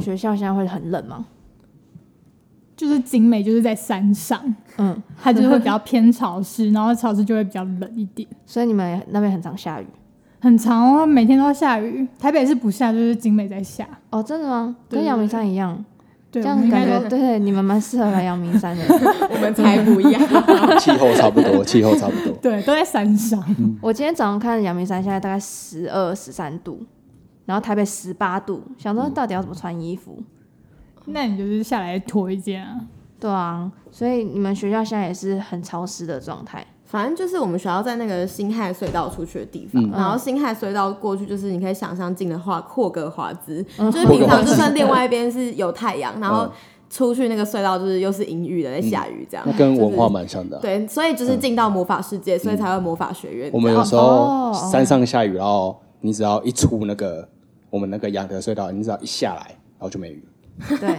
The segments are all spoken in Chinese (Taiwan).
學校現在會很冷嗎？就是景美，就是在山上，嗯，它就會比較偏潮濕，然後潮濕就會比較冷一點。所以你們那邊很常下雨，很常哦，每天都要下雨。台北是不下，就是景美在下。哦，真的嗎？跟陽明山一樣，對這樣感覺對，們對你們蠻適合來陽明山的。 我們才不一樣， 氣候差不多，氣候差不多，對，都在山上。嗯、我今天早上看陽明山，現在大概十二十三度。然後台北十八度，想說到底要怎麼穿衣服？嗯、那你就是下來脫一件啊。對啊，所以你們學校現在也是很潮濕的狀態。反正就是我們學校在那個辛亥隧道出去的地方，嗯、然後辛亥隧道過去就是你可以想象進的話霍格華茲，嗯、就是平常就算另外一邊是有太陽，嗯、然後出去那個隧道就是又是陰雨的在下雨這樣。嗯、那跟文化蠻像的、啊就是，對，所以就是進到魔法世界，嗯、所以才會魔法學院。嗯、後我們有時候山上下雨，哦、然後你只要一出那個。我們那個仰德隧道，你知道一下來，然後就沒雨。 對，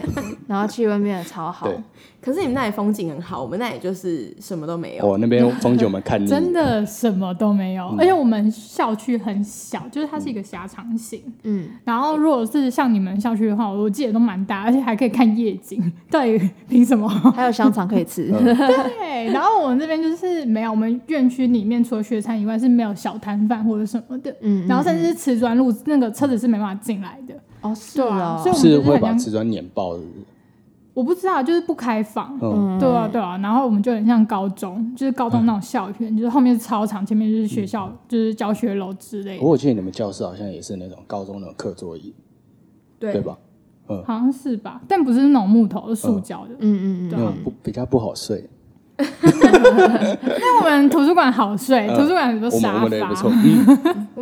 然後氣溫變得超好。對可是你們那裡風景很好，我們那裡就是什麼都沒有。我、哦、那邊風景我們看 真的什麼都沒有，嗯、而且我們校區很小，就是它是一個狹長型。嗯，然後如果是像你們校區的話，我記得都蠻大，而且還可以看夜景。 對，憑什麼？還有香腸可以吃。 對，然後我們這邊就是沒有，我們院區裡面除了學餐以外是沒有小攤販或者什麼的。嗯嗯嗯，然後甚至是瓷磚路，那個車子是沒辦法進來的。哦，是啊，啊，所以我們是會把瓷磚粘爆，我不知道，就是不開放。嗯、對啊，對啊。然後我們就很像高中，就是高中那種校園，嗯、就是後面是操場，前面就是學校，嗯、就是教學樓之類的。我記得你們教室好像也是那種高中的課桌椅，對對吧？嗯，好像是吧，但不是那種木頭，是塑膠的。嗯嗯嗯，對吧，嗯，比較不好睡。那 我們圖書館好睡，嗯、圖書館很多沙發。我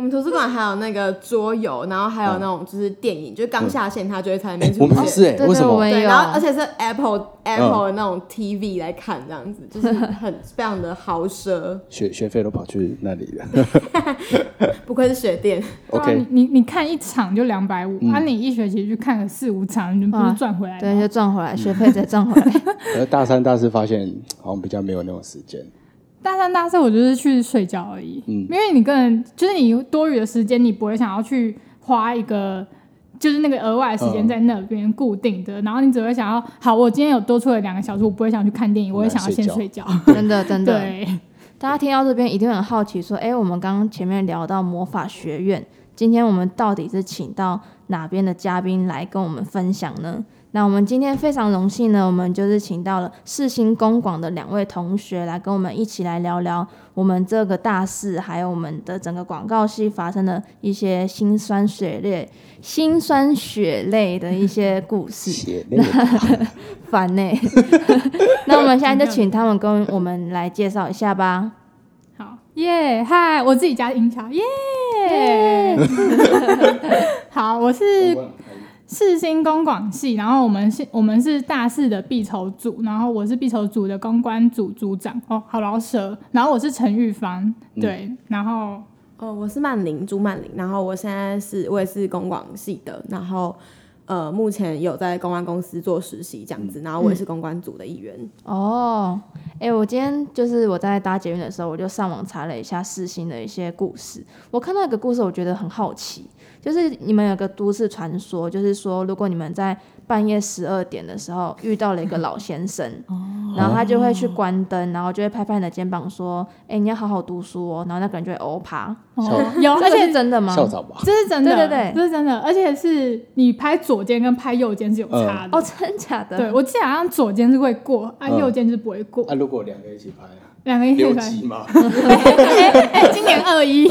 們圖書館還有那個桌遊，然後還有那種就是電影，嗯、就剛下線，他就會在裡面出現。嗯、我們不是哎、欸，我們有。然後而且是 Apple、嗯、Apple 的那種 TV 來看，這樣子就是很非常的豪奢。學學費都跑去那裡了， 不愧是學店。OK，、啊、你你看一場就兩百五，那、啊、你一學期去看個四五場，你就不是賺回來、啊。對，就賺回來，嗯、學費再賺回來。而大三、大四發現好像比。比較沒有那種時間，大三大四我就是去睡覺而已，嗯，因為你個人就是你多餘的時間，你不會想要去花一個就是那個額外的時間在那邊、嗯、固定的，然後你只會想要，好，我今天有多出了兩個小時，我不會想去看電影，嗯、我也想要先睡覺、嗯，真的，真的，對。大家聽到這邊一定很好奇，說，哎、欸，我們剛剛前面聊到魔法學院，今天我們到底是請到哪邊的嘉賓來跟我們分享呢？那我們今天非常榮幸呢，我們就是請到了世新公廣的兩位同學來跟我們一起來聊聊我們這個大四，還有我們的整個廣告系發生的一些辛酸血淚、辛酸血淚的一些故事。血淚煩內。那我們現在就請他們跟我們來介紹一下吧。好耶！嗨、yeah,，我自己家的音橋耶。Yeah! Yeah! 好，我是。四星公廣系，然後我們是我們是大四的畢籌組，然後我是畢籌組的公關組組長哦，好老舍，然後我是陳玉凡，對，嗯、然後呃我是曼玲朱曼玲，然後我現在是我也是公廣系的，然後呃目前有在公關公司做實習這樣子，然後我也是公關組的一員、嗯、哦，哎、欸，我今天就是我在搭捷運的時候，我就上網查了一下世新的一些故事，我看到一個故事，我覺得很好奇。就是你們有個都市傳說，就是說如果你們在半夜十二點的時候遇到了一個老先生，然後他就會去關燈，然後就會拍拍你的肩膀說：“哎，你要好好讀書哦。”然後那個人就會歐趴，有而且真的嗎？這是真的，對對對，這是真的，而且是你拍左肩跟拍右肩是有差的哦，真假的？對我記得好像左肩是會過，按右肩就不會過。那如果兩個一起拍，兩個一起拍哎，今年二一。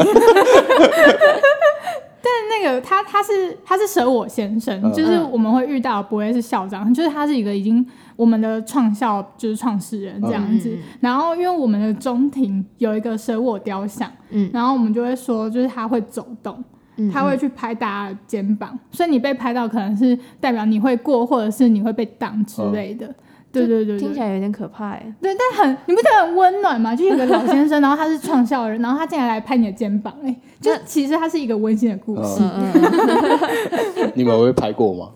但那個他他是他是舍我先生，oh, uh. 就是我們會遇到的不會是校長，就是他是一個已經我們的創校就是創始人這樣子。Oh, um, um. 然後因為我們的中庭有一個舍我雕像，um. 然後我們就會說，就是他會走動，um. 他會去拍大家的肩膀，所以你被拍到可能是代表你會過，或者是你會被當之類的。Oh. 對對對，聽起來有點可怕哎、欸。怕欸、對，但很，你不覺得很溫暖嗎？就一個老先生，然後他是創校人，然後他竟然來，來拍你的肩膀哎、欸，就其實他是一個溫馨的故事。嗯、 你們會拍過嗎？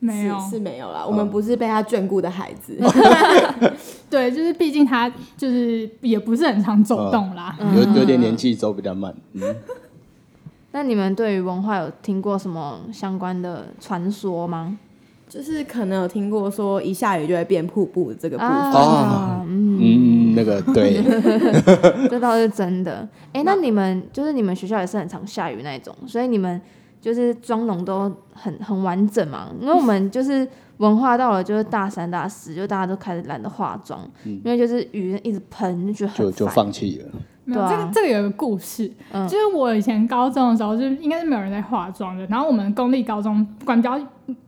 沒有是，是沒有啦。我們不是被他眷顧的孩子。 對，就是畢竟他就是也不是很常走動啦，有有點年紀走比較慢。嗯， 那你們對於文化有聽過什麼相關的傳說嗎？就是可能有聽過說一下雨就會變瀑布這個部分、啊啊，嗯，嗯那個對，這倒 是真的。哎、欸，那,那你們就是你們學校也是很常下雨那種，所以你們就是妝容都很很完整嘛？因為我們就是文化到了就是大三大四，就大家都開始懶得化妝，嗯、因為就是雨一直噴，就就就放棄了。沒有啊，這個這個有個故事，嗯，就是我以前高中的時候，就是應該是沒有人在化妝的。然後我們公立高中管比較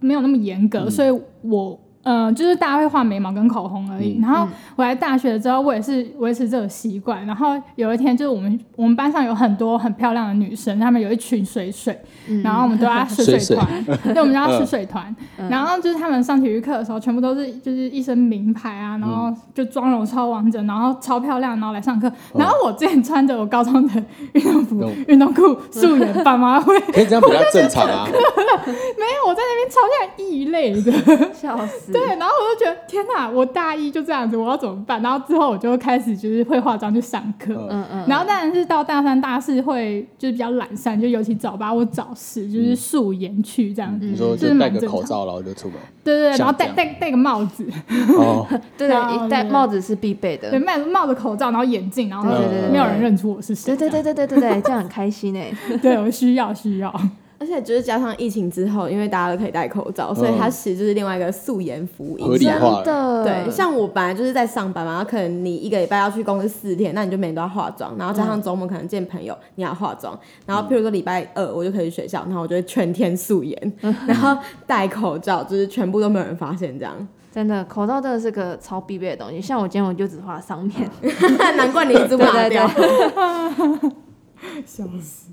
沒有那麼嚴格，嗯、所以我。嗯、呃，就是大家會畫眉毛跟口紅而已。嗯、然後我來大學了之後，我也是維持這種習慣。然後有一天，就是我們我們班上有很多很漂亮的女生，她們有一群水水，然後我們都要水水團，對、嗯，我們都要水水團。嗯、然後就是她們上體育課的時候，全部都是就是一身名牌啊，然後就妝容超完整，然後超漂亮，然後來上課。然後我之前穿着我高中的運動服、嗯、運動褲、素顏爸媽會可以這樣比較正常啊。沒有，我在那邊超像異類的，笑死。對，然後我就覺得天哪，我大一就這樣子，我要怎麼辦？然後之後我就開始就是會化妝去上課，嗯嗯。然後當然是到大三大四會就是比較懶散，就尤其早八，我早十就是素顏去這樣，你說就戴個口罩然後就出門，對對，然後戴戴戴個帽子，哦，對對，戴帽子是必備的，戴帽子、口罩然後眼鏡，然後對對對，沒有人認出我是誰，對對對對對對對，這樣很開心哎，對，我需要需要。而且就是加上疫情之後，因為大家都可以戴口罩，所以它其實就是另外一個素顏福音。合理化的，對。像我本來就是在上班嘛，然後可能你一個禮拜要去公司四天，那你就每天都要化妝，然後加上周末可能見朋友，嗯、你要化妝。然後譬如說禮拜二我就可以去學校，然後我就全天素顏，然後戴口罩，就是全部都沒有人發現這樣。真的，口罩真的是個超必備的東西。像我今天我就只畫了上面，嗯、 難怪你一直不拿掉。笑死。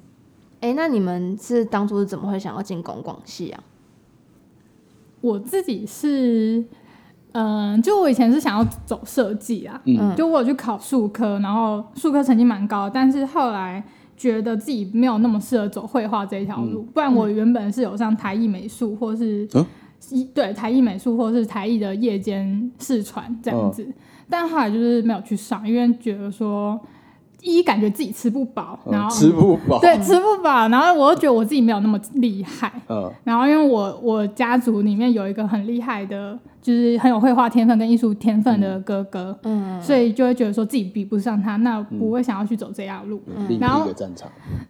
哎、欸，那你們是當初是怎麼會想要進公廣系啊？我自己是，嗯、呃，就我以前是想要走設計啊，嗯、就我有去考術科，然後術科成績蠻高的，但是後來覺得自己沒有那麼適合走繪畫這一條路，嗯、不然我原本是有上台藝美術或是，嗯、對台藝美術或是台藝的夜間視傳這樣子，哦、但後來就是沒有去上，因為覺得說。一感覺自己吃不飽，然後、嗯、吃不飽，對，吃不飽。然後我又覺得我自己沒有那麼厲害，嗯，然後因為我我家族裡面有一個很厲害的，就是很有繪畫天分跟藝術天分的哥哥，嗯，所以就會覺得說自己比不上他，那不會想要去走這條路。嗯、然後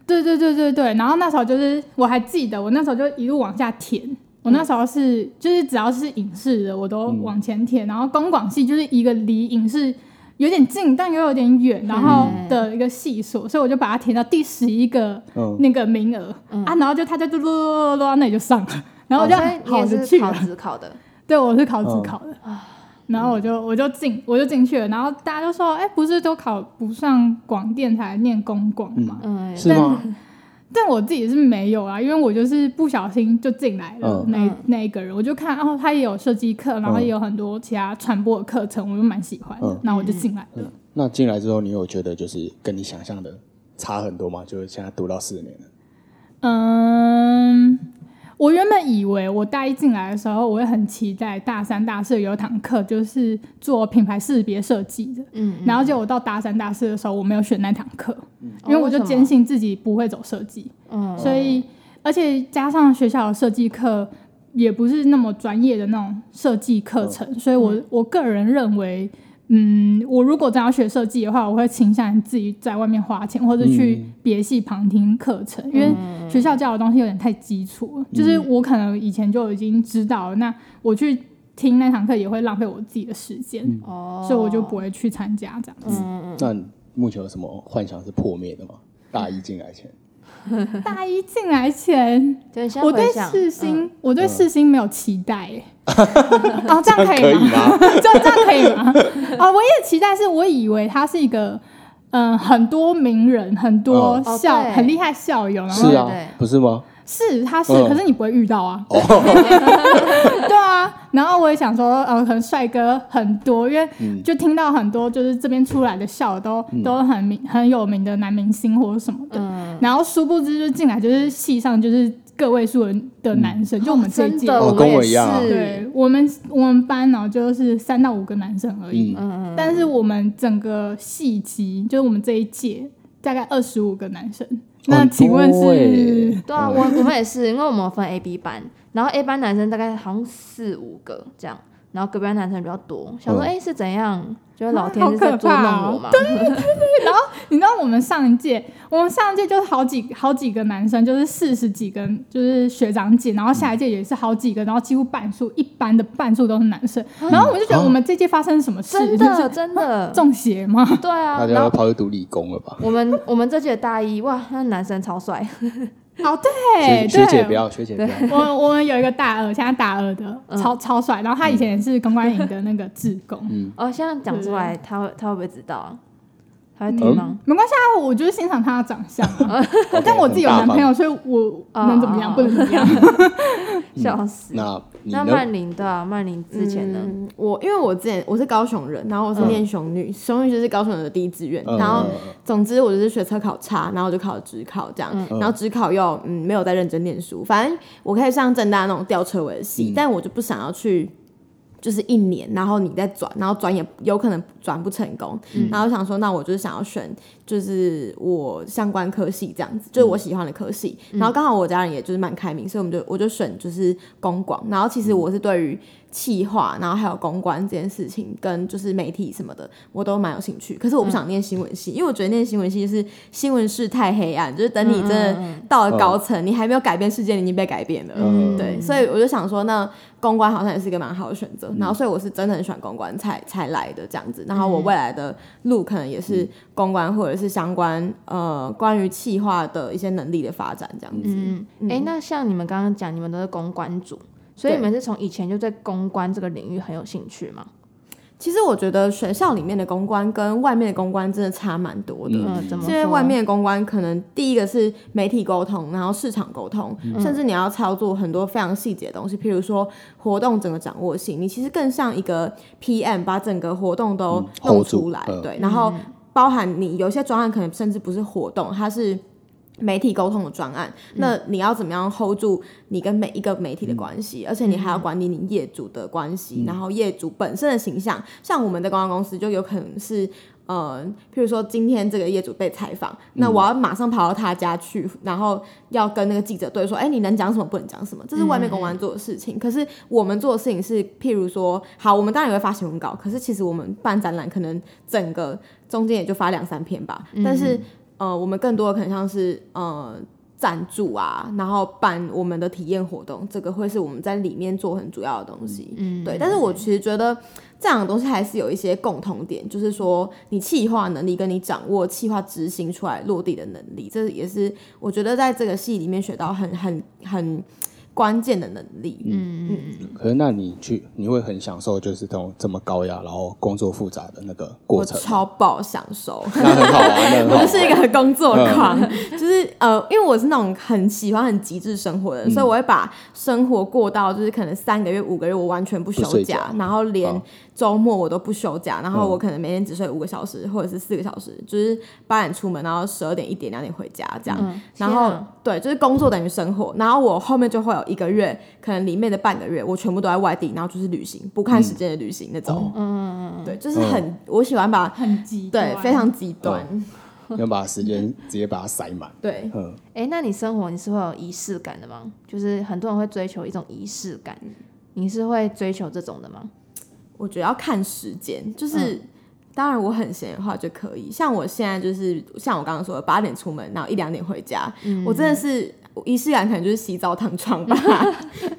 對對對對對。然後那時候就是我還記得，我那時候就一路往下填，我那時候是就是只要是影視的我都往前填。然後公廣系就是一個離影視。有點近，但又有點遠，然後的一個系所，嗯、所以我就把它填到第十一個那個名額、哦、啊，然後就他就嘟擼擼擼擼到那裡就上了，然後我就去、哦、也是考自考的，對，我是考自考的，哦、然後我就我就進我就進去了，然後大家都說，哎、欸，不是都考不上廣電才來念公廣嗎、嗯？是嗎？但我自己也是沒有啊，因為我就是不小心就進來了、嗯、那那一個人，我就看哦，他也有設計課，然後也有很多其他傳播的課程，我就蠻喜歡的，那、嗯、我就進來了。嗯嗯、那進來之後，你有覺得就是跟你想象的差很多嗎？就是現在讀到四年了。嗯。我原本以為我大一進來的時候，我會很期待大三大四有一堂課就是做品牌識別設計的。嗯嗯、然後結果我到大三大四的時候，我沒有選那堂課，嗯哦、因為我就堅信自己不會走設計。哦、所以、嗯嗯、而且加上學校的設計課也不是那麼專業的那種設計課程，嗯嗯、所以我我個人認為。嗯，我如果真要學設計的話，我會傾向於自己在外面花錢，或者去別系旁聽課程，嗯、因為學校教的東西有點太基礎，嗯、就是我可能以前就已經知道，那我去聽那堂課也會浪費我自己的時間，哦、嗯，所以我就不會去參加這樣子、嗯。那目前有什麼幻想是破滅的嗎？大一進來前。大一進來前，對我對世新，嗯、我對世新沒有期待耶，哎、嗯，啊、 哦，這樣可以嗎？就這樣可以嗎？啊、哦，我也期待是我以為他是一個，嗯、呃，很多名人，很多校，很厲害校友、啊，是啊，不是嗎？是他是，呃、可是你不會遇到啊。對，哦、 對啊，然後我也想說，呃，可能帥哥很多，因為就聽到很多，就是這邊出來的笑都、嗯、都很明很有名的男明星或者什麼的。嗯、然後殊不知就進來就是系上就是個位數的男生，就我們這一屆跟我一樣，對，我們我們班呢就是三到五個男生而已。但是我們整個系級，就是我們這一屆大概二十五個男生。那請問是多、欸、對啊，我我們也是， 因為我們分 A、B 班，然後 A 班男生大概好像四五個這樣，然後隔壁班男生比較多，嗯、想說哎、欸、是怎樣？覺得老天、啊、可怕、啊，是在捉弄我嘛？對對對。然後你知道我們上一屆，我們上一屆就是好幾好幾個男生，就是四十幾個，就是學長姐。然後下一屆也是好幾個，然後幾乎半數一般的半數都是男生。嗯、然後我們就覺得我們這屆發生什麼事？啊、真的真的中邪嗎？對啊，那就跑去讀理工了吧。我們我們這屆的大一哇，那男生超帥。哦，對學，學姐不要，對學姐對我我們有一個大二，現在大二的超、嗯、超帥，然後他以前是公關營的那個志工，嗯嗯、哦，現在講出來，是他會他會不會知道、啊？還挺忙，沒關係啊，我就是欣賞他的長相。但我自己有男朋友，所以我能怎麼樣？不能怎麼樣？笑死！那曼玲對啊，曼玲之前呢？我，因為我之前我是高雄人，然後我是念雄女，雄女就是高雄人的第一志願。然後總之我就是學測考差，然後就考指考這樣。然後指考又嗯沒有在認真唸書，反正我可以上政大那種吊車尾的系，但我就不想要去。就是一年，然後你再轉，然後轉也有可能轉不成功。嗯、然後我想說，那我就是想要選，就是我相關科系這樣子，嗯、就是我喜歡的科系。嗯、然後剛好我家人也就是蠻開明，所以我們就我就選就是公廣。然後其實我是對於。企劃，然後還有公關這件事情，跟就是媒體什麼的，我都蠻有興趣。可是我不想念新聞系，嗯、因為我覺得念新聞系是新聞室太黑暗，就是等你真的到了高層，嗯、你還沒有改變世界，哦、你已經被改變了。嗯、對，所以我就想說，那公關好像也是一個蠻好的選擇。嗯、然後，所以我是真的很喜歡公關才才來的這樣子。然後我未來的路可能也是公關，或者是相關、嗯、呃關於企劃的一些能力的發展這樣子。哎、嗯嗯欸，那像你們剛剛講，你們都是公關組。所以你們是從以前就對公關這個領域很有興趣嗎？其實我覺得學校裡面的公關跟外面的公關真的差蠻多的。嗯，怎麼說啊？因為外面的公關可能第一個是媒體溝通，然後市場溝通，嗯、甚至你要操作很多非常細節的東西，譬如說活動整個掌握性，你其實更像一個 PM，把整個活動都弄出來。嗯、對，然後包含你有些專案可能甚至不是活動，它是。媒體溝通的專案，那你要怎麼樣 hold 住你跟每一個媒體的關係？嗯、而且你還要管理你業主的關係，嗯、然後業主本身的形象。像我們的公關公司，就有可能是嗯、呃，譬如說今天這個業主被採訪，嗯、那我要馬上跑到他家去，然後要跟那個記者對說：“哎，你能講什麼，不能講什麼？”這是外面公關做的事情。嗯、可是我們做的事情是，譬如說，好，我們當然也會發新聞稿，可是其實我們辦展覽，可能整個中間也就發兩三篇吧。嗯、但是。呃，我們更多的可能像是呃贊助啊，然後辦我們的體驗活動，這個會是我們在裡面做很主要的東西，嗯、對。嗯、但是我其實覺得這樣的東西還是有一些共同點，是就是說你企劃能力跟你掌握企劃執行出來落地的能力，這也是我覺得在這個系裡面學到很很很。很關鍵的能力，嗯嗯嗯。嗯可是，那你去，你會很享受，就是這種這麼高壓，然後工作複雜的那個過程？超爆享受。我就 是，是一個工作狂，嗯、就是呃，因為我是那種很喜歡很極致生活的人，嗯、所以我會把生活過到就是可能三個月、五個月我完全不休假，然後連。周末我都不休假，然後我可能每天只睡五個小時，嗯、或者是四個小時，就是八點出門，然後十二點一點兩點回家這樣。嗯啊、然後對，就是工作等於生活。然後我後面就會有一個月，可能裡面的半個月，我全部都在外地，然後就是旅行，不看時間的旅行，嗯、那種。嗯嗯嗯，嗯嗯對，就是很，嗯、我喜歡把很極端，對，非常極端，要、嗯、 把時間直接把它塞滿。對，嗯呵，哎、欸，那你生活你是會有儀式感的嗎？就是很多人會追求一種儀式感，你是會追求這種的嗎？我覺得要看時間，就是、嗯、當然我很閒的話就可以。像我現在就是像我剛剛說的，八點出門，然後一兩點回家，嗯、我真的是儀式感可能就是洗澡躺床吧。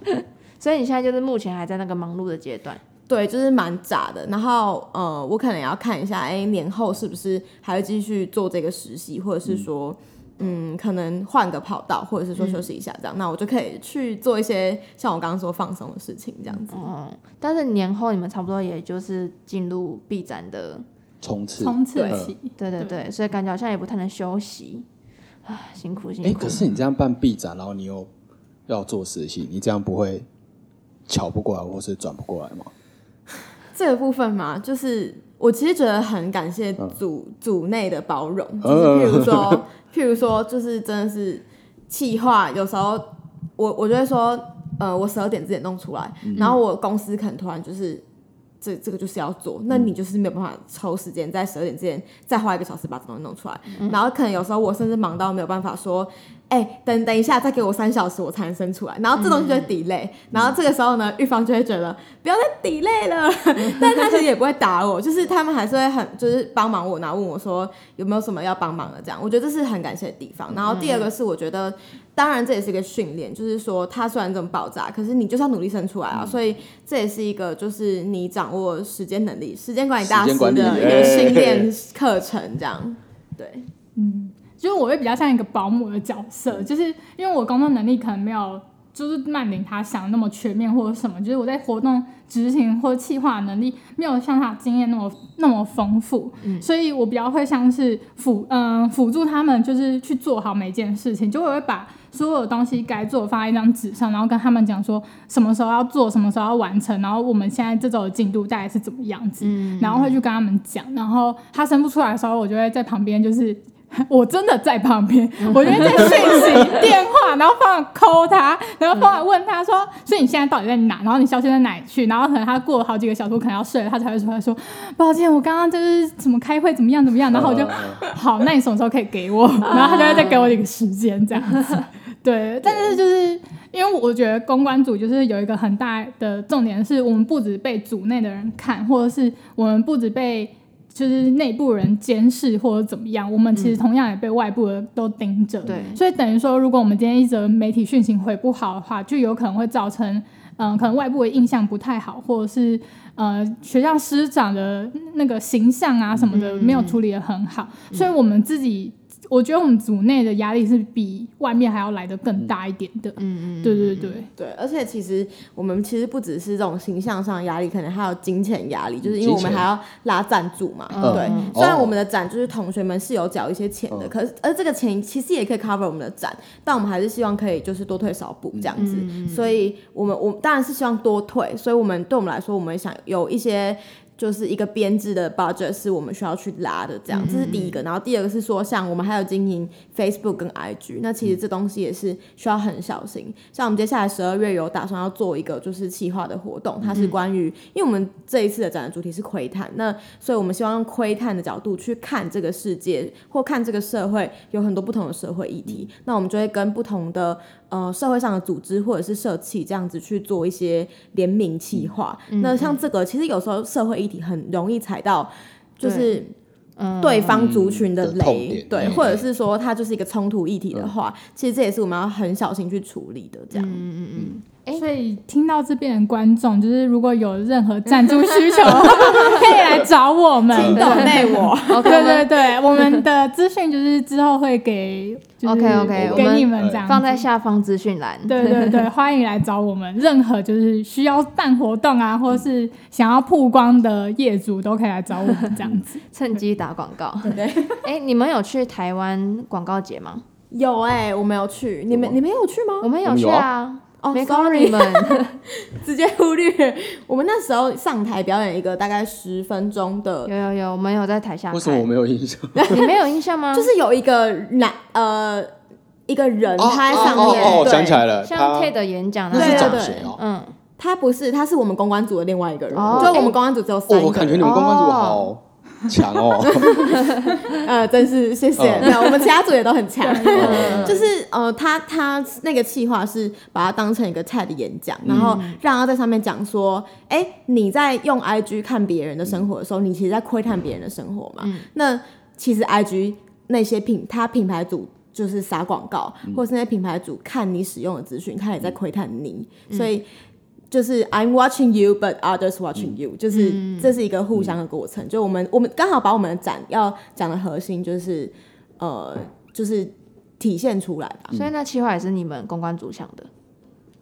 嗯、 所以你現在就是目前還在那個忙碌的階段，對，就是蠻雜的。然後呃，我可能也要看一下，哎、欸，年後是不是還會繼續做這個實習，或者是說。嗯嗯，可能換個跑道，或者是說休息一下這樣，嗯、那我就可以去做一些像我剛剛說放鬆的事情這樣子、嗯。但是年後你們差不多也就是進入畢展的衝刺衝刺期，嗯、對對對，所以感覺好像也不太能休息，唉，辛苦辛苦、欸。可是你這樣辦畢展，然後你又要做實習，你這樣不會巧不過來，或是轉不過來嗎？這個部分嘛，就是我其實覺得很感謝、嗯、組組內的包容，就是比如說。嗯 譬如說，就是真的是氣話。有時候我，我就會說，呃，我十二點之前弄出來。嗯嗯。然後我公司可能突然就是，這這個就是要做，嗯、那你就是沒有辦法抽時間在十二點之前再花一個小時把這東西弄出來。嗯、然後可能有時候我甚至忙到沒有辦法說。哎，等等一下，再給我三小時，我才能生出來。然後這東西就會 delay，然後這個時候呢，玉芳就會覺得不要再 delay 了。嗯、但他其實也不會打我，就是他們還是會很就是幫忙我，然後問我說有沒有什麼要幫忙的這樣。我覺得這是很感謝的地方。嗯、然後第二個是，我覺得當然這也是一個訓練，就是說他雖然這麼爆炸，可是你就是要努力生出來啊。嗯、所以這也是一個就是你掌握時間能力、時間管理大師的一個訓練課程這樣。對，嗯。就是我會比較像一個保姆的角色，就是因為我工作能力可能沒有，就是曼玲她想的那麼全面或者什麼，就是我在活動執行或計劃能力沒有像她經驗那麼那麼豐富，嗯、所以我比較會像是輔嗯輔助他們，就是去做好每件事情，就我會把所有東西該做放在一張紙上，然後跟他們講說什麼時候要做，什麼時候要完成，然後我們現在這周的進度大概是怎麼樣子，嗯、然後會去跟他們講，嗯、然後他生不出來的時候，我就會在旁邊就是。我真的在旁邊， 我就在訊息、電話，然後放在摳他，然後放在問他說：“所以你現在到底在哪？然後你消息在哪去？然後可能他過了好幾個小時，可能要睡了，他才會出來說：他說抱歉，我剛剛就是什麼開會，怎麼樣怎麼樣。然後我就好，那你什麼時候可以給我？然後他就會再給我一個時間這樣，對，對， 但是就是因為我覺得公關組就是有一個很大的重點，是我們不止被組內的人看，或者是我們不止被。就是內部人監視或者怎麼樣，我們其實同樣也被外部的都盯着，嗯。對，所以等於說，如果我們今天一則媒體訊息回不好的話，就有可能會造成，嗯、呃，可能外部的印象不太好，或者是呃，學校師長的那個形象啊什麼的，嗯，沒有處理得很好，嗯，所以我們自己，我覺得我們組內的壓力是比外面還要來得更大一點的，嗯嗯，對對對對，而且其實我們其實不只是這種形象上的壓力，可能還有金錢壓力，就是因為我們還要拉贊助嘛，錢對。哦、雖然我們的展就是同學們是有繳一些錢的，哦、可是而這個錢其實也可以 cover 我們的展，但我們還是希望可以就是多退少補這樣子，嗯、所以我們我當然是希望多退，所以我們，對我們來說，我們想有一些。就是一個編制的 budget 是我們需要去拉的，這樣，嗯、這是第一個。然後第二個是說，像我們還有經營 Facebook 跟 IG，那其實這東西也是需要很小心。嗯、像我們接下來十二月有打算要做一個就是企劃的活動，它是關於，嗯、因為我們這一次的展覽主題是窺探，那所以我們希望用窺探的角度去看這個世界或看這個社會，有很多不同的社會議題，嗯、那我們就會跟不同的。呃，社會上的組織或者是社企這樣子去做一些聯名企劃，嗯、那像這個、嗯、其實有時候社會議題很容易踩到，就是對方族群的雷，嗯嗯、對，或者是說它就是一個衝突議題的話，嗯、其實這也是我們要很小心去處理的，這樣。嗯嗯嗯欸、所以聽到這邊的觀眾，就是如果有任何贊助需求，可以來找我們。聽懂沒？我，對對對，我們的資訊就是之後會給，OK OK，給你們這樣。對對對，我們放在下方資訊欄。對對對，對，歡迎來找我們，任何就是需要辦活動啊，或是想要曝光的業主都可以來找我們這樣子，趁機打廣告，對不對？哎，你們有去台灣廣告節嗎？有哎、欸，我沒有去。你們你們有去嗎？我們有去啊。哦、oh，Sorry，a 們 直接忽略。我們那時候上台表演一個大概十分鐘的，有有有，我們有在台下台。不是，我沒有印象。你沒有印象嗎？ 就是有一個男，呃，一個人他在上面。哦哦哦，想起來了，像 K 的演講，那是，喔、嗯，他不是，他是我們公關組的另外一個人。Oh. 就我們公關組只有三個人，oh, 我感覺你們公關組好。Oh. 強強哦， 呃，真是謝謝。 我們其他組也都很強。 就是呃，他他那個企劃，是把他當成一個菜的演講，然後讓他在上面講說，哎、嗯欸，你在用 IG 看別人的生活的時候，嗯、你其實在窺探別人的生活嘛。嗯、那其實 IG 那些品，他品牌組就是撒廣告，或是那些品牌組看你使用的資訊，他也在窺探你，嗯、所以。就是 I'm watching you, but others watching you，嗯。就是這是一個互相的過程。嗯、就我們我們剛好把我們的展要講的核心，就是呃，就是體現出來吧。所以那企劃，也是你們公關組想的？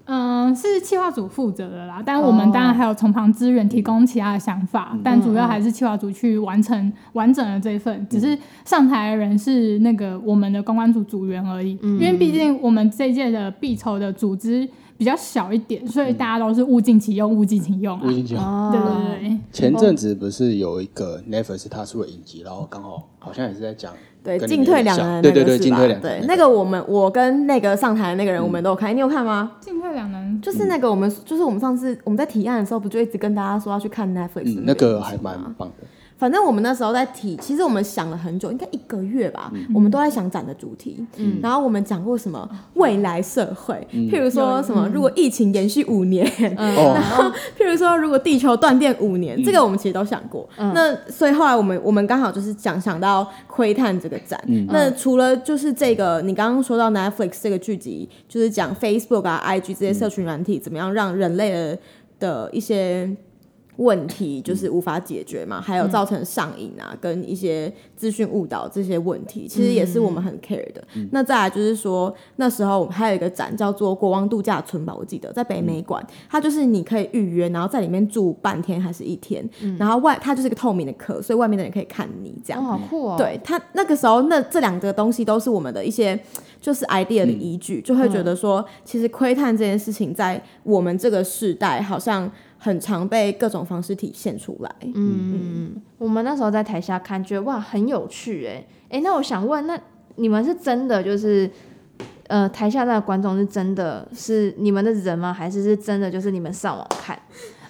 嗯，是企劃組負責的啦。但我們當然還有從旁資源提供其他的想法。哦嗯、但主要還是企劃組去完成完整的這一份，嗯、只是上台的人是那個我們的公關組組員而已。嗯、因為畢竟我們這屆的必籌的組織比較小一點，所以大家都是物盡其用，嗯、物盡其用、啊。物盡其用，對，對，對，對，前陣子不是有一個 Netflix 它出了影集，然後剛好好像也是在講對進退兩難，對對對，進退兩難、那個。那個我們我跟那個上台的那個人，我們都有看，嗯、你有看嗎？進退兩難就是那個我們，就是我們上次我們在提案的時候，不就一直跟大家說要去看 Netflix，嗯、那個還蠻棒的。嗯那個反正我們那時候在提，其實我們想了很久，應該一個月吧，嗯、我們都在想展的主題。嗯，然後我們講過什麼未來社會，嗯、譬如說什麼如果疫情延續五年，嗯、然後譬如說如果地球斷電五年，這個我們其實都想過。嗯、那所以後來我們我們剛好就是講想，想到窺探這個展。嗯、那除了就是這個，你剛剛說到 Netflix 這個劇集，就是講 Facebook 啊、IG 這些社群軟體怎麼樣讓人類的的一些。問題就是無法解決嘛，嗯、還有造成上癮啊，嗯、跟一些資訊誤導這些問題，嗯、其實也是我們很 care 的。嗯、那再來就是說，那時候我們還有一個展叫做《國王度假村》吧，我記得在北美館，嗯、它就是你可以預約，然後在裡面住半天還是一天，嗯、然後外它就是個透明的殼，所以外面的人可以看你這樣，哦、好酷哦。對，它那個時候，那這兩個東西都是我們的一些就是 idea 的依據，嗯、就會覺得說，嗯、其實窺探這件事情在我們這個世代好像。很常被各種方式體現出來。嗯，嗯我們那時候在台下看，覺得哇，很有趣哎、欸、哎、欸。那我想問，那你們是真的，就是呃，台下那個觀眾是真的是你們的人嗎？還是是真的，就是你們上網看？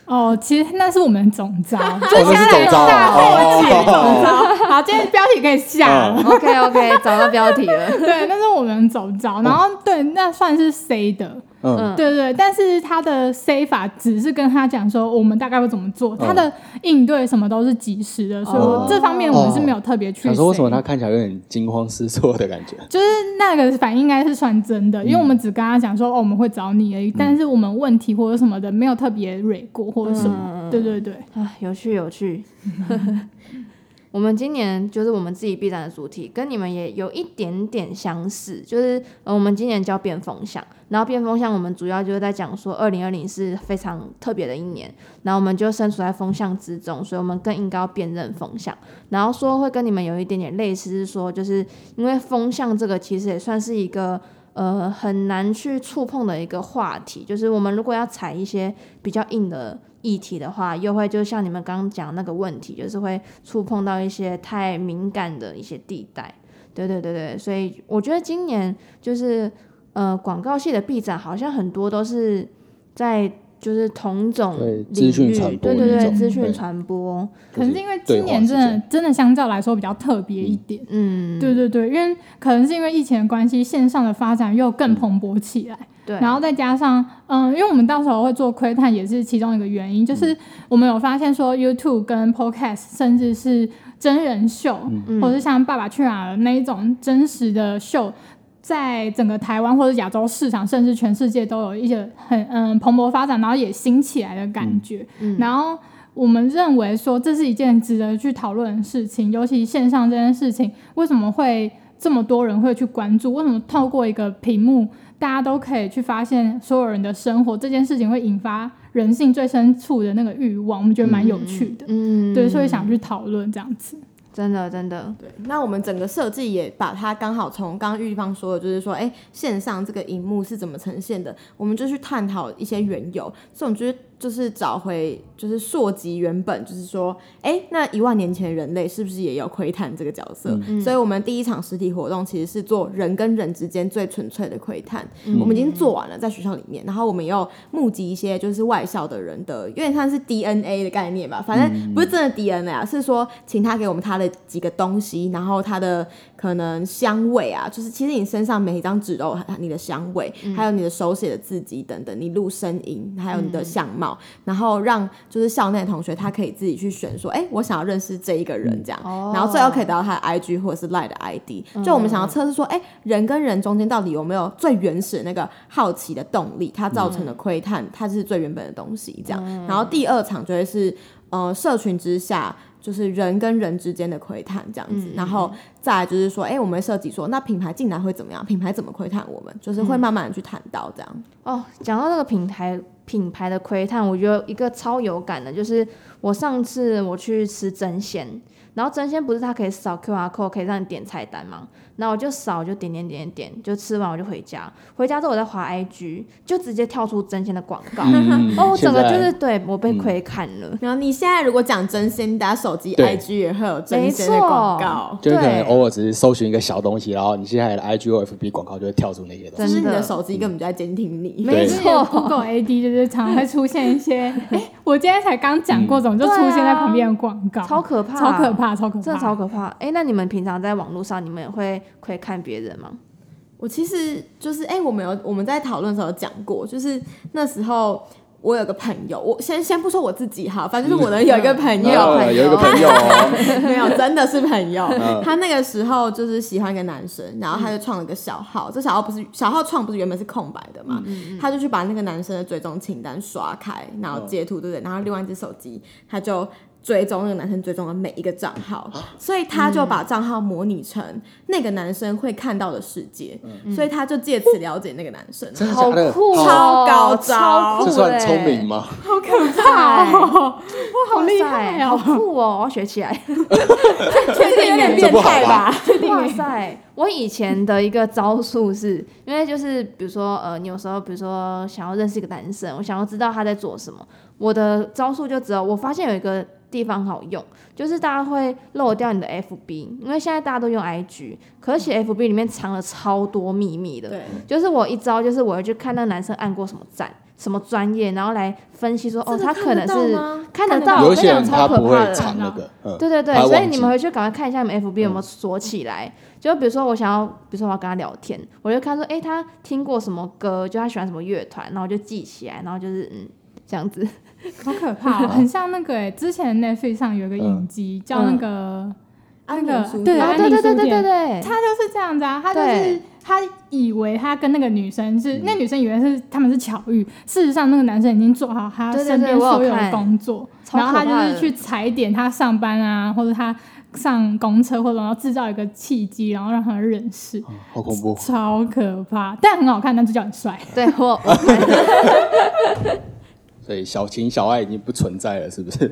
哦，其實那是我們總召，我是總召。大破解總召， 好，今天標題可以下了。嗯、OK OK，找到標題了。 對，那是我們總召，然後、嗯、對，那算是 C 的。嗯、對對，但是他的 C 法只是跟他講說，哦、我們大概會怎麼做，嗯、他的應對什麼都是及時的，哦、所以我這方面我們是沒有特別去 fe,、哦。想說為什麼他看起來有點驚慌失措的感覺？就是那個反應應該是算真的，嗯、因為我們只跟他講說，哦，我們會找你而已。嗯、但是我們問題或者什麼的沒有特別累過或者什麼，嗯、對對對、啊，有趣有趣。 我們今年就是我們自己畢展的主題，跟你們也有一點點相似，就是、呃、我們今年叫辨風向，然後辨風向，我們主要就是在講說，二零二零是非常特別的一年，然後我們就身處在風向之中，所以我們更應該要辨認風向，然後說會跟你們有一點點類似是說，說就是因為風向這個其實也算是一個呃很難去觸碰的一個話題，就是我們如果要踩一些比較硬的。議題的話，又會就像你們剛剛講那個問題，就是會觸碰到一些太敏感的一些地帶，對對對對，所以我覺得今年就是呃廣告系的畢展，好像很多都是在。就是同種領域，對對對，資訊傳播，對可能是因為今年真的真的相較來說比較特別一點，嗯，對對對，因為可能是因為疫情的關係，線上的發展又更蓬勃起來，對、嗯，然後再加上，嗯，因為我們到時候會做窺探，也是其中一個原因，就是我們有發現說，YouTube 跟 Podcast 甚至是真人秀，嗯、或者是像《爸爸去哪兒》那一種真實的秀。在整個台灣或者亞洲市場，甚至全世界都有一些很嗯、呃、蓬勃發展，然後也興起來的感覺。嗯嗯、然後我們認為說，這是一件值得去討論的事情，尤其線上這件事情，為什麼會這麼多人會去關注？為什麼透過一個屏幕，大家都可以去發現所有人的生活？這件事情會引發人性最深處的那個慾望，我們覺得蠻有趣的。嗯，嗯嗯對，所以想去討論這樣子。真的，真的，對。那我們整個設計也把它剛好從剛剛玉芳說的，就是說，哎，線上這個熒幕是怎麼呈現的，我們就去探討一些緣由，這種就是。就是找回，就是溯及原本，就是說，哎、欸，那一萬年前人類是不是也有窺探這個角色？嗯、所以，我們第一場實體活動其實是做人跟人之間最純粹的窺探。嗯、我們已經做完了，在學校裡面，然後我們又募集一些就是外校的人的，有點像是 DNA 的概念吧，反正不是真的 DNA，啊、是說請他給我們他的幾個東西，然後他的可能香味啊，就是其實你身上每一張紙都有你的香味，嗯、還有你的手寫的字跡等等，你錄聲音，還有你的相貌。嗯然後讓就是校內同學，他可以自己去選說，哎，我想要認識這一個人這樣，哦、然後最後可以得到他的 IG 或者是 Line 的 ID，嗯。就我們想要測試說，哎，人跟人中間到底有沒有最原始那個好奇的動力，它造成的窺探，嗯、它就是最原本的東西這樣。嗯、然後第二場就會是呃，社群之下。就是人跟人之間的窺探這樣子，嗯、然後再來就是說，哎、欸，我們設計說，那品牌進來會怎麼樣？品牌怎麼窺探我們？就是會慢慢去談到這樣。嗯、哦，講到這個品牌，品牌的窺探，我覺得一個超有感的，就是我上次我去吃爭鮮，然後爭鮮不是它可以掃 QR code 可以讓你點菜單嗎？然後我就掃，我就點點點點，就吃完我就回家。回家之後，我在滑 IG，就直接跳出真心的廣告。哦，我整個就是對我被窺看了。然後你現在如果講真心，你打手機 IG 也會有真心的廣告。沒錯，就可能偶爾只是搜尋一個小東西，然後你現在的 IG 或 FB 廣告就會跳出那些東西。就是你的手機根本就在監聽你，沒錯。公共 AD 就是常常會出現一些，哎，我今天才剛講過，怎麼就出現在旁邊的廣告？超可怕，超可怕，超可怕。真的超可怕。哎，那你們平常在網絡上，你們也會？可以看別人嗎？我其實就是哎、欸，我們有我們在討論的時候講過，就是那時候我有個朋友，我先先不說我自己哈，反正就是我能有一個朋友，有個朋友、哦， 沒有真的是朋友。哦、他那個時候就是喜歡一個男生，然後他就創了一個小號，嗯、這小號不是小號創不是原本是空白的嘛，嗯嗯嗯嗯，他就去把那個男生的追蹤清單刷開，然後截圖對不對？然後另外一隻手機他就。追蹤那個男生追蹤的每一個賬號，所以他就把賬號模擬成那個男生會看到的世界，所以他就借此了解那個男生。好酷！真的假的？超高招超酷，欸，聰明嗎？好可怕哦！哇，好厲害，好酷哦，我要學起來。確定有點變態吧？哇塞！我以前的一個招數是因為就是比如說呃，你有時候比如說想要認識一個男生，我想要知道他在做什麼，我的招數就只有，我發現有一個。地方好用，就是大家會漏掉你的 FB，因為現在大家都用 IG，可是 FB 裡面藏了超多秘密的。對就是我一招，就是我要去看那男生按過什麼贊，什麼專業，然後來分析說，哦，他可能是看得到，有些人他不會藏那個。對對對，所以你們回去趕快看一下你們 FB 有沒有鎖起來。嗯、就比如說我想要，比如說我要跟他聊天，我就看說，哎、欸，他聽過什麼歌，就他喜歡什麼樂團，然後我就記起來，然後就是嗯。這樣子，好可怕，很像那個誒，之前 Netflix 上有個影集，叫那個那個，對對對對對對，他就是這樣子啊，他就是他以為他跟那個女生是，那女生以為是他們是巧遇，事實上那個男生已經做好他身邊所有的工作，然後他就是去踩點，他上班啊，或者他上公車或者，然後製造一個契機，然後讓他認識。好恐怖，超可怕，但很好看，但就叫很帥，對對，小情小愛已經不存在了，是不是？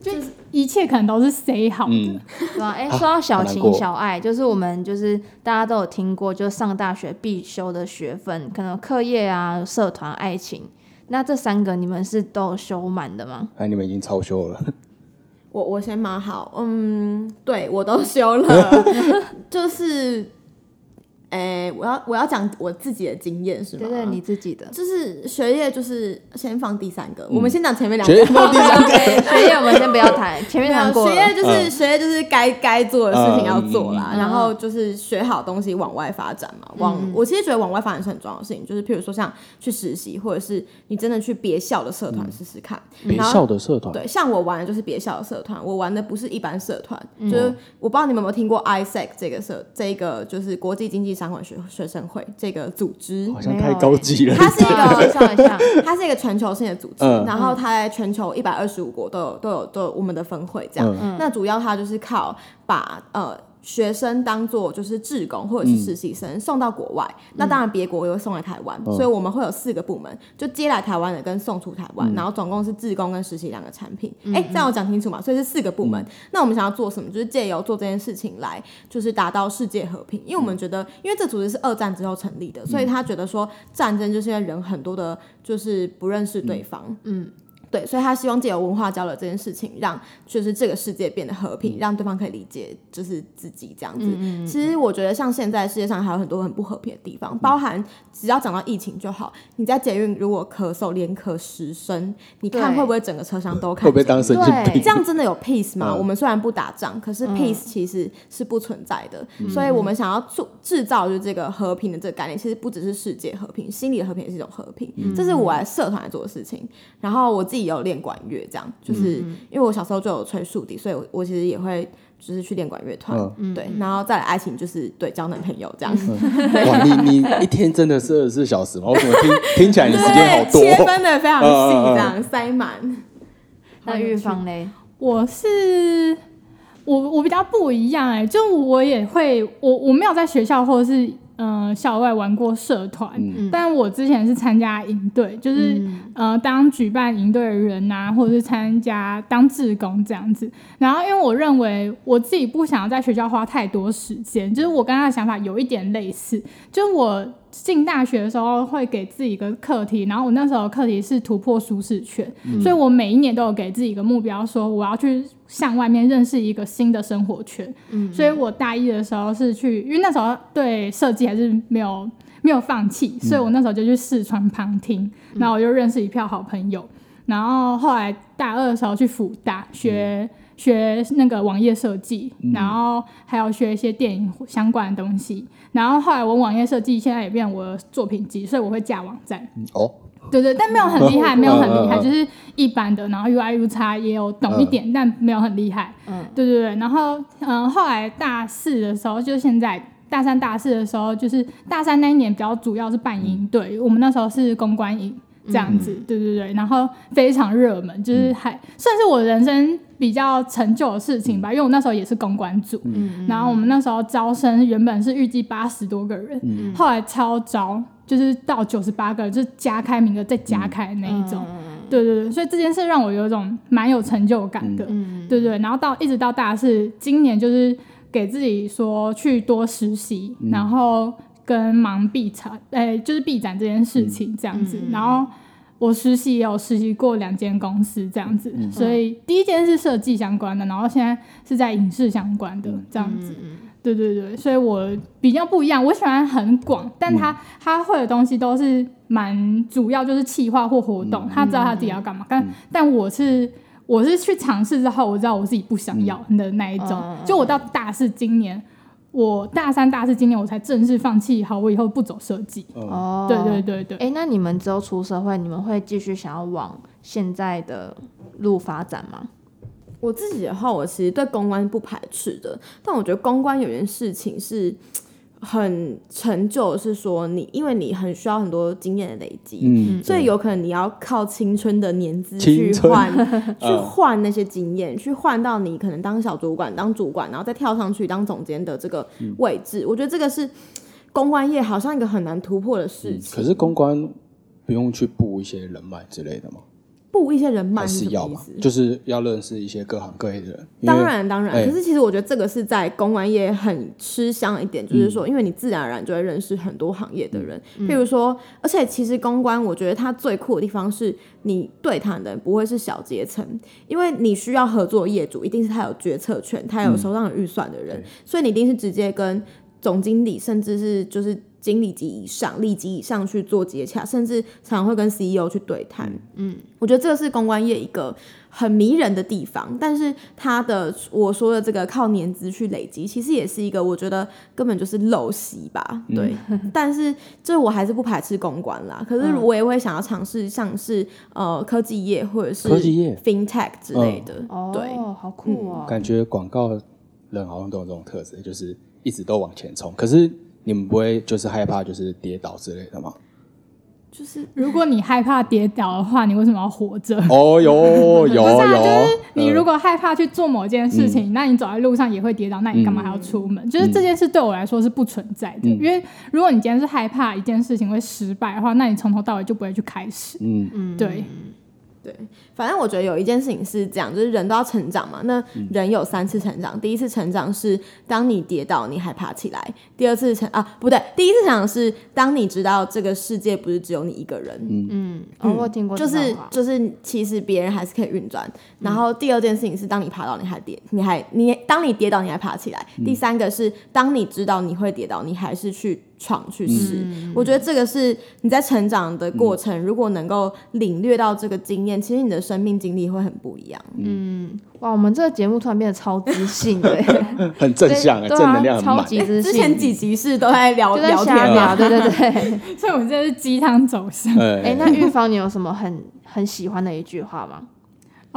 就一切可能都是誰好，對吧？哎，說到小情小愛，啊、就是我們就是大家都有聽過，就上大學必修的學分，可能課業啊、社團、愛情，那這三個你們是都有修滿的嗎？哎、啊，你們已經超修了。我我先蠻好，嗯，對我都修了， 就是。哎，我要我要講我自己的經驗是嗎？對對，你自己的，就是學業就是先放第三個，我們先講前面兩個。學業學業我們先不要談，前面兩個。學業就是學業就是該該做的事情要做啦，然後就是學好東西往外發展嘛。往我其實覺得往外發展是很重要的事情，就是譬如說像去實習，或者是你真的去別校的社團試試看。別校的社團，對，像我玩的就是別校的社團，我玩的不是一般社團，就是我不知道你們有沒有聽過 ISEC 這個社，這個就是國際經濟。商管學學生會這個組織好像太高級了，欸、它是一個， 像一它是一個全球性的組織，嗯、然後它在全球一百二十五國都有、嗯、都有都有我們的分會，這樣。嗯、那主要它就是靠把呃。學生當做就是志工或者是實習生送到國外，嗯、那當然別國也會送來台灣，嗯、所以我們會有四個部門，就接來台灣的跟送出台灣，嗯、然後總共是志工跟實習兩個產品。哎、嗯欸，這樣我講清楚嘛？所以是四個部門。嗯、那我們想要做什麼？就是借由做這件事情來，就是達到世界和平。因為我們覺得，嗯、因為這組織是二戰之後成立的，所以他覺得說戰爭就是因為人很多的，就是不認識對方。嗯。嗯對，所以他希望借由文化交流這件事情，讓就是這個世界變得和平，讓對方可以理解就是自己這樣子。其實我覺得，像現在世界上還有很多很不和平的地方，包含只要講到疫情就好。你在捷運如果咳嗽連咳十聲，你看會不會整個車廂都？會不會當神經病？這樣真的有 peace 嗎？我們雖然不打仗，可是 peace 其實是不存在的。所以我們想要做制造就這個和平的這個概念，其實不只是世界和平，心理和平也是一種和平。這是我來社團做的事情。然後我。也有練管樂，這樣就是，嗯嗯，因為我小時候就有吹豎笛，所以我我其實也會就是去練管樂團，嗯、對，然後再來愛情，就是對交男朋友這樣。嗯、對哇，你你一天真的是二十四小時嗎？我怎麼聽 聽起來你的時間好多，哦，切分的非常細，這樣啊啊啊啊塞滿。那玉芳嘞？我是我我比較不一樣哎、欸，就我也會我我沒有在學校或者是。呃，校外玩過社團，嗯、但我之前是參加營隊，就是、嗯、呃，當舉辦營隊的人吶、啊，或者是參加當志工這樣子。然後，因為我認為我自己不想要在學校花太多時間，就是我跟他的想法有一點類似，就我。進大學的時候會給自己一個課題，然後我那時候課題是突破舒適圈，嗯、所以我每一年都有給自己一個目標，說我要去向外面認識一個新的生活圈。嗯嗯，所以我大一的時候是去，因為那時候對設計還是沒有沒有放棄，所以我那時候就去四川旁聽，然後我就認識一票好朋友，然後後來大二的時候去輔大學。嗯學那個網頁設計，然後還要學一些電影相關的東西。然後後來我網頁設計現在也變成我的作品集，所以我會架網站。哦，對對，但沒有很厲害，沒有很厲害，啊啊啊就是一般的。然後 UIUX 也有懂一點，啊、但沒有很厲害。嗯、啊，對對對。然後嗯，後來大四的時候，就現在大三、大四的時候，就是大三那一年比較主要是辦營，對，我們那時候是公關營。這樣子，嗯、對對對，然後非常熱門，就是還、嗯、算是我人生比較成就的事情吧。因為我那時候也是公關組，嗯、然後我們那時候招生原本是預計八十多個人，嗯、後來超招，就是到九十八個人，就是、加開名額再加開那一種。嗯、對對對，所以這件事讓我有一種蠻有成就感的。嗯、對對，然後到一直到大四，今年就是給自己說去多實習，嗯、然後。跟忙畢展，哎、欸，就是畢展這件事情，嗯、這樣子。嗯、然後我實習也有實習過兩間公司這樣子，嗯、所以第一間是設計相關的，然後現在是在影視相關的這樣子。嗯、對對對，所以我比較不一樣，我喜歡很廣，但他他、嗯、會的東西都是蠻主要，就是企劃或活動，他、嗯、知道他自己要幹嘛。嗯、但、嗯、但我是我是去嘗試之後，我知道我自己不想要的那一種。嗯、就我到大四今年，我大三大四，今年我才正式放棄。好，我以後不走設計。哦，oh. 對對對對。哎、欸，那你們之後出社會，你們會繼續想要往現在的路發展嗎？我自己的話，我其實對公關不排斥的，但我覺得公關有件事情是。很成就，是說你，因為你很需要很多經驗的累積，嗯、所以有可能你要靠青春的年資去換，春去換那些經驗， 去換到你可能當小主管、當主管，然後再跳上去當總監的這個位置。嗯、我覺得這個是公關業好像一個很難突破的事情。嗯、可是公關不用去布一些人脈之類的嗎？布一些人脈是什麼意思是要嘛，就是要認識一些各行各業的人當。當然當然，欸、可是其實我覺得這個是在公關業很吃香的一點，嗯、就是說，因為你自然而然就會認識很多行業的人。譬、嗯、如說，而且其實公關，我覺得它最酷的地方是你對談的人不會是小階層，因為你需要合作業主，一定是他有決策權，他有手上預算的人，嗯、所以你一定是直接跟總經理，甚至是就是。經理級以上、裡級以上去做接洽，甚至常會跟 CEO 去對談。嗯，我覺得這個是公關業一個很迷人的地方，但是他的我說的這個靠年資去累積，其實也是一個我覺得根本就是陋習吧。對，嗯、但是這我還是不排斥公關啦。可是我也會想要嘗試，像是呃科技業或者是科技業 FinTech 之類的。哦、對、哦、好酷啊！嗯、感覺廣告人好像都有這種特色，就是一直都往前衝。可是。你們不會就是害怕就是跌倒之類的嗎？就是如果你害怕跌倒的話，你為什麼要活着？哦有，有、 啊、有。有你如果害怕去做某件事情，嗯、那你走在路上也會跌倒，那你幹嘛還要出門？嗯、就是這件事對我來說是不存在的，嗯、因為如果你今天是害怕一件事情會失敗的話，那你從頭到尾就不會去開始。嗯嗯，對。嗯對，反正我覺得有一件事情是這樣，就是人都要成長嘛。那人有三次成長，嗯、第一次成長是當你跌倒你還爬起來，第二次成啊不對，第一次成長是當你知道這個世界不是只有你一個人。嗯嗯、哦，我聽過、就是。就是就是，其實別人還是可以運轉。嗯、然後第二件事情是當你爬到你還跌，你還你當你跌倒你還爬起來。嗯、第三個是當你知道你會跌倒，你還是去。闖去試，嗯、我覺得這個是你在成長的過程，嗯、如果能夠領略到這個經驗，其實你的生命經歷會很不一樣。嗯，嗯哇，我們這個節目突然變得超自信， 很正向，對啊、正能量，超級自信。之前幾集是都在聊就在聊天啊，嗯、對對對， 所以我們真的是雞湯走心。哎、欸， 那玉芳，你有什麼很很喜歡的一句話嗎？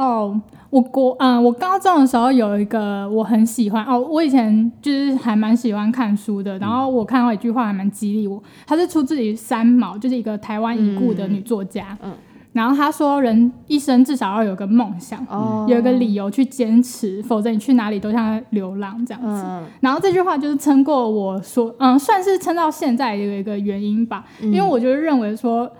哦，oh, 我國，嗯，我高中的時候有一個我很喜歡哦，oh, 我以前就是還蠻喜歡看書的，然後我看到一句話還蠻激勵我，它是出自於三毛，就是一個台灣已故的女作家，嗯，嗯然後她說人一生至少要有個夢想，嗯、有有個理由去堅持，否則你去哪裡都像流浪這樣子，嗯、然後這句話就是撐過我說，嗯，算是撐到現在有一個原因吧，因為我就認為說。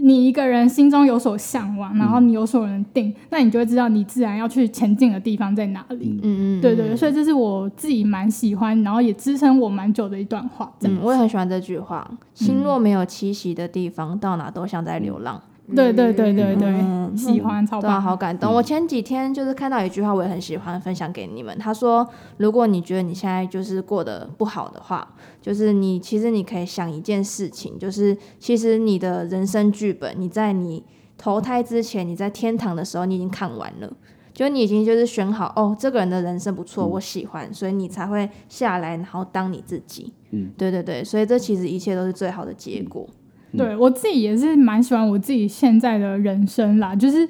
你一個人心中有所嚮往，然後你有所認定，嗯、那你就會知道你自然要去前進的地方在哪裡。嗯嗯，嗯嗯，對對，所以這是我自己蠻喜歡，然後也支撐我蠻久的一段話。嗯、我也很喜歡這句話：心若沒有棲息的地方，嗯、到哪都像在流浪。嗯、對對對對對，嗯、喜歡，超棒，對啊，好感動。我前幾天就是看到一句話，我也很喜歡，分享給你們。他，嗯、說：“如果你覺得你現在就是過得不好的話，就是你其實你可以想一件事情，就是其實你的人生劇本，你在你投胎之前，你在天堂的時候，你已經看完了，就你已經就是選好哦，這個人的人生不錯，嗯、我喜歡，所以你才會下來，然後當你自己。嗯，對對對，所以這其實一切都是最好的結果。嗯”對，我自己也是蠻喜歡我自己現在的人生啦，就是，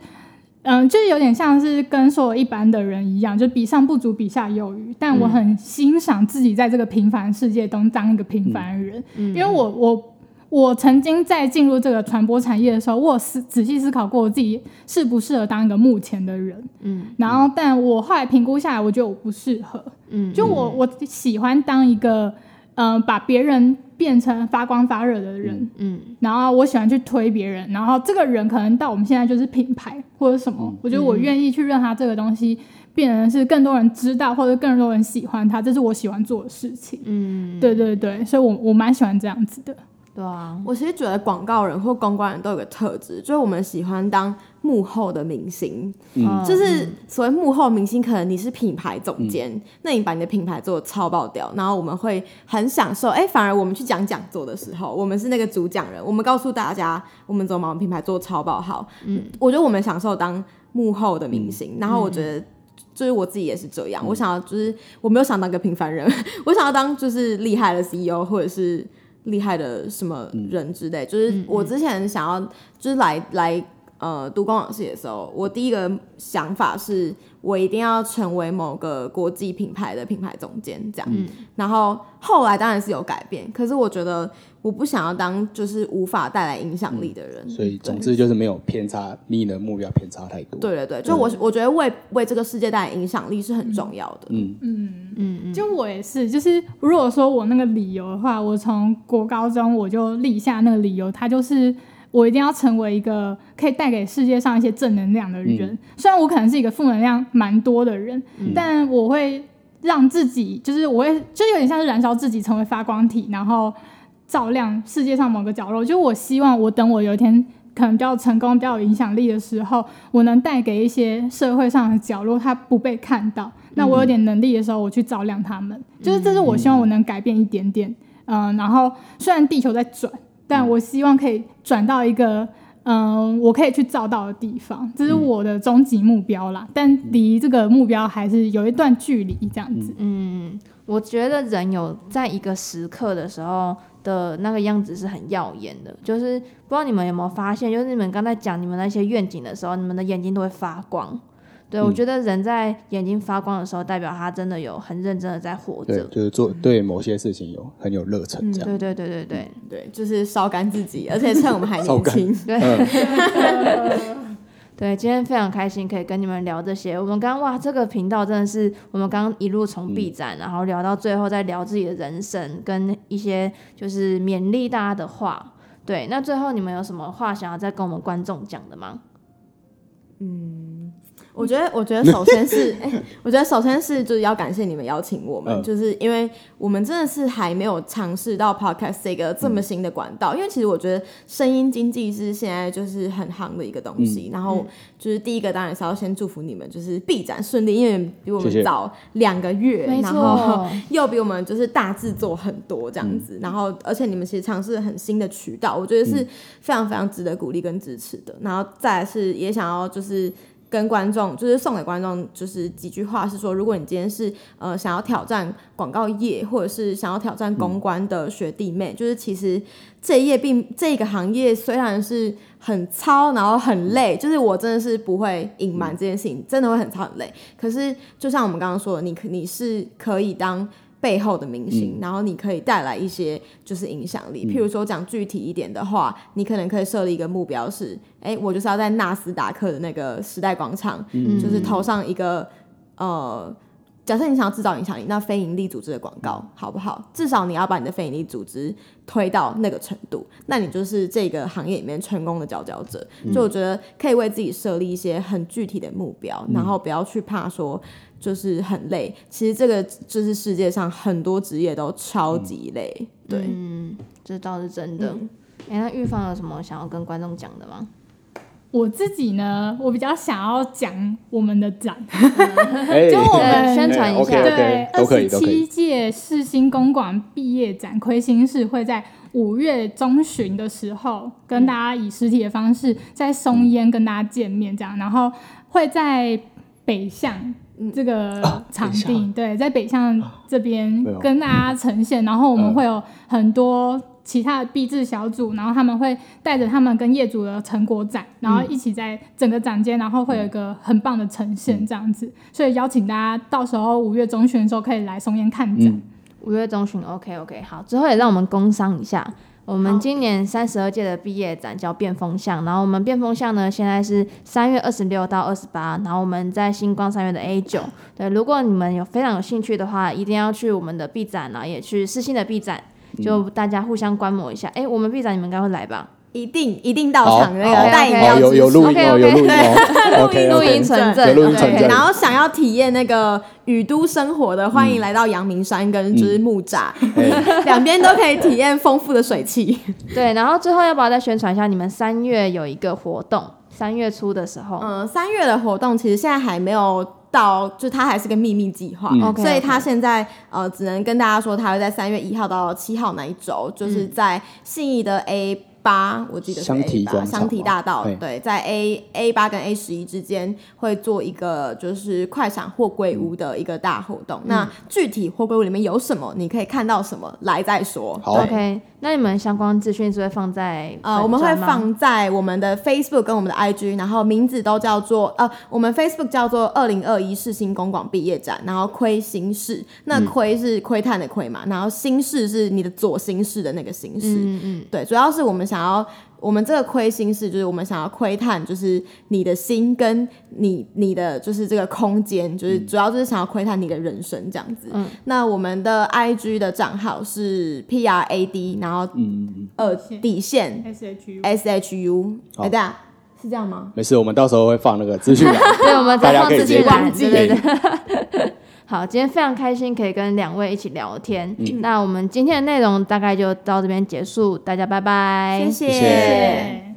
嗯，就是有點像是跟所有一般的人一樣，就比上不足，比下有餘。但我很欣賞自己在這個平凡的世界中當一個平凡的人，嗯、因為我我我曾經在進入這個傳播產業的時候，我有思仔細思考過我自己適不適合當一個幕前的人，嗯、然後，但我後來評估下來，我覺得我不適合，就我我喜歡當一個，嗯、呃，把別人。變成發光發熱的人，嗯，嗯然後我喜歡去推別人，然後這個人可能到我們現在就是品牌或者什麼，我覺得我願意去讓他這個東西，嗯、變成是更多人知道或者更多人喜歡他，這是我喜歡做的事情，嗯，對對對，所以我我蠻喜歡這樣子的。對啊，我其實覺得廣告人或公關人都有個特質，就是我們喜歡當。幕後的明星，嗯、就是所謂幕後的明星。嗯、可能你是品牌總監，嗯、那你把你的品牌做超爆掉，嗯、然後我們會很享受。哎、欸，反而我們去講講座的時候，我們是那個主講人，我們告訴大家我們怎麼把我們品牌做超爆好。嗯，我覺得我們享受當幕後的明星。嗯、然後我覺得、嗯、就是我自己也是這樣，嗯、我想要就是我沒有想當個平凡人， 我想要當就是厲害的 CEO 或者是厲害的什麼人之類。嗯、就是我之前想要就是來來。呃，讀公廣系的時候，我第一個想法是，我一定要成為某個國際品牌的品牌總監這樣。嗯、然後後來當然是有改變，可是我覺得我不想要當就是無法帶來影響力的人。嗯、所以，對總之就是沒有偏差，你的目標偏差太多。對對對，就我，嗯、我覺得為為這個世界帶來影響力是很重要的。嗯嗯嗯，嗯嗯就我也是，就是如果說我那個理由的話，我從國高中我就立下那個理由，它就是。我一定要成為一個可以帶給世界上一些正能量的人，雖然我可能是一個負能量蠻多的人，但我會讓自己就是我會就有點像是燃燒自己成為發光體，然後照亮世界上某個角落。就是我希望我等我有一天可能比較成功、比較有影響力的時候，我能帶給一些社會上的角落它不被看到。那我有點能力的時候，我去照亮他們。就是這是我希望我能改變一點點。嗯，然後雖然地球在轉，但我希望可以轉到一個，嗯，我可以去找到的地方，這是我的終極目標啦。但離這個目標還是有一段距離，這樣子。嗯，我覺得人有在一個時刻的時候的那個樣子是很耀眼的，就是不知道你們有沒有發現，就是你們剛才講你們那些願景的時候，你們的眼睛都會發光。對，我覺得人在眼睛發光的時候，代表他真的有很認真的在活着。嗯、對，就是做對某些事情有很有熱忱這樣。嗯、對對對對對、嗯、對，就是燒乾自己，而且趁我們還年輕。嗯、對， 對， 今天非常開心可以跟你們聊這些。我們剛，剛哇，這個頻道真的是我們剛，剛一路從畢展、嗯、然後聊到最後，再聊自己的人生跟一些就是勉勵大家的話。對，那最後你們有什麼話想要再跟我們觀眾講的嗎？嗯。我覺得，我覺得首先是，哎、 欸，我覺得首先是就是要感謝你們邀請我們，呃、就是因為我們真的是還沒有嘗試到 podcast 這個這麼新的管道。嗯、因為其實我覺得聲音經濟是現在就是很夯的一個東西。嗯、然後就是第一個當然是要先祝福你們就是畢展順利，嗯、因為比我們早兩個月，謝謝，然後又比我們就是大製作很多這樣子。嗯、然後而且你們其實嘗試了很新的渠道，我覺得是非常非常值得鼓勵跟支持的。然後再來是也想要就是。跟觀眾就是送給觀眾就是幾句話是說，如果你今天是呃想要挑戰廣告業或者是想要挑戰公關的學弟妹，嗯、就是其實這一業並這個行業雖然是很操然後很累，就是我真的是不會隱瞞這件事情，嗯、真的會很操很累。可是就像我們剛剛說的，你你是可以當。背後的明星，嗯、然後你可以帶來一些就是影響力。嗯、譬如說講具體一點的話，你可能可以設立一個目標是：哎，我就是要在納斯達克的那個時代廣場，嗯、就是投上一個呃，假設你想要制造影響力，那非營利組織的廣告好不好？至少你要把你的非營利組織推到那個程度，那你就是這個行業裡面成功的佼佼者。就我覺得可以為自己設立一些很具體的目標，嗯、然後不要去怕說。就是很累，其實這個就是世界上很多職業都超級累。嗯、對、嗯，這倒是真的。哎、嗯欸，那玉芳有什麼想要跟觀眾講的嗎？我自己呢，我比較想要講我們的展，嗯、 就我們宣傳一下，欸欸，okay, okay, 對，二十七屆世新公廣畢業展，窺心室會在五月中旬的時候跟大家以實體的方式在松菸跟大家見面，這樣，然後會在北巷。嗯、這個場地、啊啊、對，在北向這邊跟大家呈現，哦嗯、然後我們會有很多其他的畢製小組，呃、然後他們會帶着他們跟業主的成果展，然後一起在整個展間，然後會有一個很棒的呈現這樣子。嗯嗯嗯、所以邀請大家到時候五月中旬的時候可以來松菸看展，嗯。五月中旬，OK OK，好，之後也讓我們工商一下。我們今年三十二屆的畢業展叫辨風向。好然後我們辨風向呢，現在是三月二十六到二十八，然後我們在新光三越的 A 九。對，如果你們有非常有興趣的話，一定要去我們的畢展，然後也去世新的畢展，就大家互相觀摩一下。哎、嗯，我們畢展你們該會來吧？一定一定，到場那個帶飲料機，有有錄音哦，有錄音，錄音錄音存證，有錄音存證。然後想要體驗那個雨都生活的，歡迎來到陽明山跟就是木柵，兩邊都可以體驗豐富的水汽。對，然後最後要不要再宣傳一下你們三月有一個活動？三月初的時候，嗯，三月的活動其實現在還沒有到，就它還是個秘密計劃，所以它現在呃只能跟大家說，它會在三月一號到七號那一周，就是在信義的 A。八，8, 我記得是 A 八，香堤大道，哦、對，在 A A 八跟 A 十一之間會做一個就是快閃貨櫃屋的一個大活動。嗯、那具體貨櫃屋裡面有什麼，你可以看到什麼，來再說。好對，OK。那你們相關資訊是會放在呃，我們會放在我們的 Facebook 跟我們的 IG，然後名字都叫做呃，我們 Facebook 叫做二零二一世新公廣畢業展，然後窺心室，那窺是窺探的窺嘛，嗯、然後心室是你的左心室的那個心室。嗯,嗯,嗯，對，主要是我們想要。我們這個窺心室就是我們想要窺探，就是你的心跟你你的就是這個空間，就是主要就是想要窺探你的人生這樣子。那我們的 I G 的賬號是 P R A D，然後呃底線 S H U S H U，是這樣嗎？沒事，我們到時候會放那個資訊給大家，大家可以關注。對對好，今天非常開心可以跟兩位一起聊天。嗯，那我們今天的內容大概就到這邊結束，大家拜拜，謝謝。謝謝。